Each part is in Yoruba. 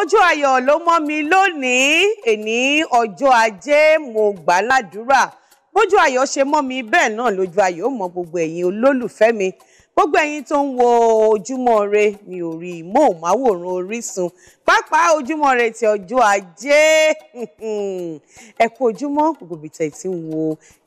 ojú ayọ̀ ló mọ́ mi lónìí èní ọjọ́ ajé mo gbà ládùúrà bójú ayọ̀ ṣe mọ́ mi bẹ́ẹ̀ náà lójú ayọ̀ ó mọ gbogbo ẹ̀yin olólùfẹ́ mi gbogbo ẹ̀yin tó ń wo ojúmọ́ ire ní orí móhùnmáwòrán Orísun pàápàá ojúmọ́ ire ti ọjọ́ ajé ẹ kú ojúmọ́ gbogbo ibi tẹ́ ti ń wo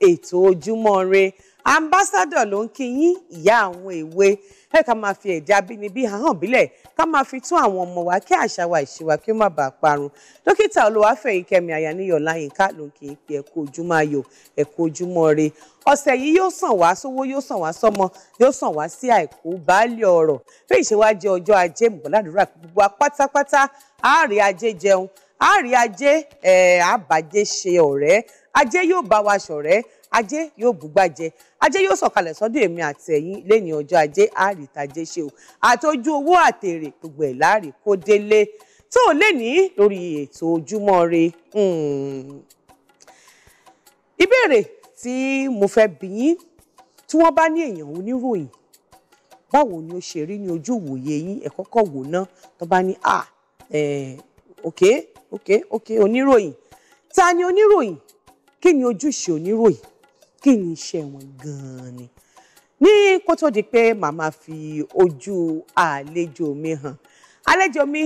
ètò ojúmọ́ ire ambassador ló ń kí yín ìyá àwọn èwe ẹ ká máa fi ẹ̀dá abínibí hàn bílẹ̀ ká máa fi tún àwọn ọmọ wa kí àṣà wa ìṣe wa kí ó má bàa parun dókítà Olúwafẹ́yìkẹ́mi Ayaníyọ̀ Ọláyínká ló ń kí yín pé ẹ kú ojúmọ́ ayọ̀ ẹ kú ojúmọ́ re ọ̀sẹ̀ yìí yóò sàn wá sówó yóò sàn wá sọ́mọ yóò sàn wá sí àìkú baálé ọ̀rọ̀ fún ìṣèwádìí ọjọ́ ajé mọ̀ládùúrà gbogbo apátápátá àárí ajé jẹun àárí ajé ẹ̀ àbàjẹ́ ṣe ọ̀rẹ́ ajé yóò bá wa ṣọ̀rẹ́ ajé yóò bùgbàjẹ ajé yóò sọ̀kalẹ̀ sọ́dọ̀ èmi àti ẹ̀yin lẹ́yìn ọjọ́ ajé àrìtàjẹ ṣe o àtọjú owó àtèrè gbogbo ẹ̀ láàrè kó délé tó o lè ní lórí ètò ojúmọ́ re hmm, ìbéèrè tí mo fẹ́ bi yín tí wọ́n bá ní èèyàn oníròyìn báwo ni ó ṣe rí ní ojú ìwòye yín ẹ kọ́kọ́ wò náà tó bá ní à ok ok ok oníròyìn ta ni oníròyìn kí ni ojúṣe oníròyìn kí ni iṣẹ́ wọn gan-an ni ní kó tó di pé màmá fi ojú àlejò mi hàn àlejò mi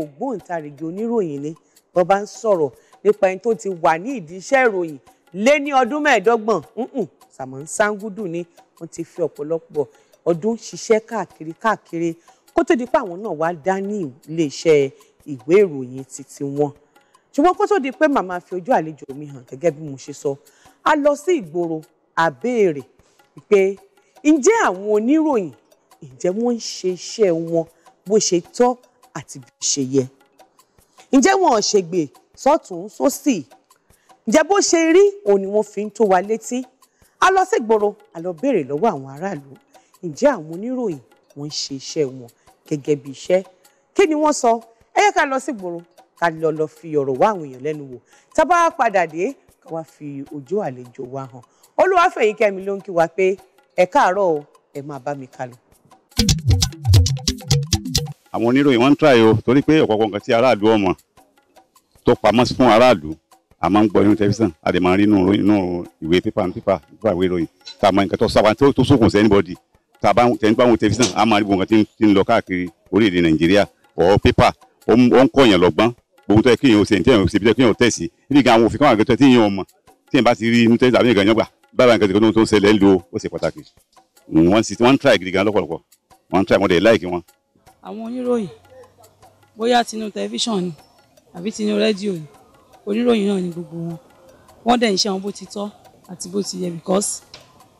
ògbóǹtarìgì oníròyìn ni tó bá ń sọ̀rọ̀ nípa ẹni tó ti wà ní ìdí iṣẹ́ ìròyìn lé ní ọdún mẹ́ẹ̀ẹ́dọ́gbọ̀n Saman Sangudu ni wọ́n ti fi ọ̀pọ̀lọpọ̀ ọdún ṣiṣẹ́ káàkiri káàkiri kó tó di pé àwọn náà wá dá iléeṣẹ́ ìwé ìròyìn titi wọn ṣùgbọ́n kó tó di pé màmá fi ojú àlejò mi hàn gẹ́gẹ́ bí mo ṣe sọ a lọ sí ìgboro a béèrè pé ǹjẹ́ àwọn oníròyìn ǹjẹ́ wọ́n ń ṣe iṣẹ́ wọn bó ṣe tọ́ àti bí ó ṣe yẹ ǹjẹ́ wọn ò ṣègbè sọ́tún sósì ǹjẹ́ bó ṣe rí òun ni wọ́n fi ń tó wa létí a lọ sí ìgboro a lọ béèrè lọ́wọ́ àwọn aráàlú ǹjẹ́ àwọn oníròyìn wọ́n ń ṣe iṣẹ́ wọn gẹ́gẹ́ bí iṣẹ́ kí ni wọ́n sọ ẹ yẹ ká lọ sí ìgboro ká lọ lọ fi ọ̀rọ̀ wá àwọn èèyàn lẹ́nu wò tá padà dé ká wá fi ojú àlejò wa hàn Olúwafẹ́yìkẹ́mi ló ń kí wa pé ẹ káàárọ̀ ẹ máa bá mi kálọ. àwọn oníròyìn wọn ń tíráyè o torí pé ọ̀pọ̀pọ̀ nǹkan tí aráàlú ọmọ tó pamọ́ fún aráàlú a máa ń gbọ́ inú tẹlifíṣàn a lè máa rí inú ìwé pépà pépà pépà ìwé ìròyìn tá a máa nǹkan tó sábà tó sókun sí anybody tá a bá tẹ̀yìn bá wọn tẹlifíṣàn a máa rí gbogbo nǹkan tí ń lọ káàkiri orílẹ̀-èdè Nàìjíríà ọ̀ pépà ó ń kọ̀yàn lọ́gbọ́n gbogbo tó yẹ kéèyàn ó ṣe ní tẹ́yàn ó ṣe bí tẹ́yàn ó tẹ̀sí níbi gan àwọn òfin kan àgbẹ̀tọ́ tí èèyàn mọ̀ tí èèyàn bá ti rí inú tẹ́sí àbí nǹkan yẹn gbà bábà nǹkan tó ń ṣẹlẹ̀ ń lo ó ṣe pàtàkì hmm, wọ́n sì wọ́n ń try gidi gan lọ́pọ̀lọpọ̀ wọ́n ń try wọ́n dẹ̀ láìkí wọn. àwọn oníròyìn bóyá tinú tẹlifíṣàn ni àbí tinú rédíò ni oníròyìn náà ni gbogbo wọn wọ́n dẹ̀ ń ṣe àwọn bó ti tọ́ because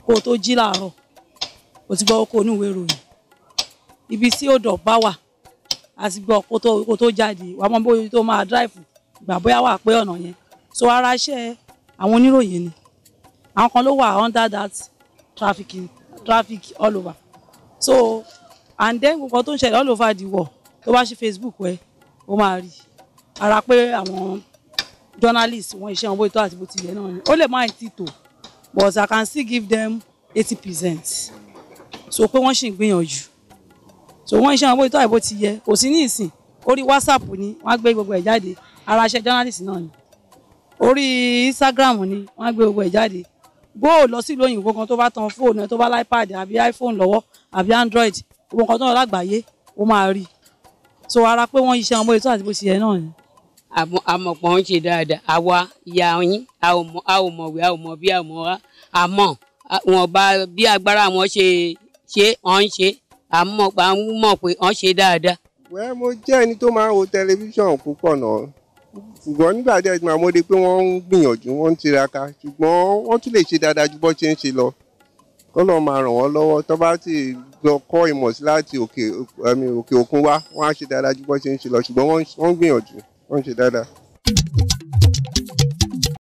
kó o tó o ti gbọ́ kó o ní ìwé àsìgbọ̀ kó tó kó tó jáde wàá mọ bóyá tó máa drive gbà bóyá wà pé ọ̀nà yẹn so ara iṣẹ́ àwọn oníròyìn ni àwọn kan ló wà under that trafficking traffic all over so and then gbogbo tó ń ṣẹlẹ̀ all over the world tó bá ṣe Facebook ẹ ó máa rí ara pé àwọn journalist wọn iṣẹ́ wọn bóyá tó àti bó ti yẹ náà ni ó lè má ti tò but I can still give them eighty percent so pé wọ́n ṣì ń gbìyànjú so wọ́n iṣẹ́ wọn ìtọ́ àìbó ti yẹ kò sí ní ìsìn orí whatsapp ni wọ́n gbé gbogbo ẹ̀ jáde ara iṣẹ́ journalist náà ni orí instagram ni wọ́n gbé gbogbo ẹ̀ jáde bó o lọ sí òyìnbó kan tó bá tan fóònù ẹ tó bá ipad àbí iphone lọ́wọ́ àbí android gbogbo nǹkan tó lọ lágbàáyé ó máa rí so ara pé wọ́n iṣẹ́ wọn ìtọ́ àti ti yẹ náà ni àmọ̀pọ̀ ń ṣe dáadáa àwa ìyá yín a ò mọ̀wé a ò mọ̀ bí a ò mọ̀ wá à ń mọ̀ pa ń mọ̀ pé wọ́n ṣe dáadáa. wẹ́ẹ́ mo jẹ́ ẹni tó máa ń wo tẹlifíṣàn púpọ̀ náà ṣùgbọ́n nígbà díẹ̀ tí màá mọ̀ de pé wọ́n ń gbìyànjú wọ́n ń tiraka ṣùgbọ́n wọ́n tún lè ṣe dáadáa ju bọ́ ṣe ń ṣe lọ kọ́lọ́ máa ràn wọ́n lọ́wọ́ tó bá ti lọ kọ́ ìmọ̀ sí láti òkè òkun wá wọ́n á ṣe dáadáa ju bọ́ ṣe ń ṣe lọ ṣùgbọ́n wọ́n ń gbìyànjú wọ́n ń ṣe dáadáa.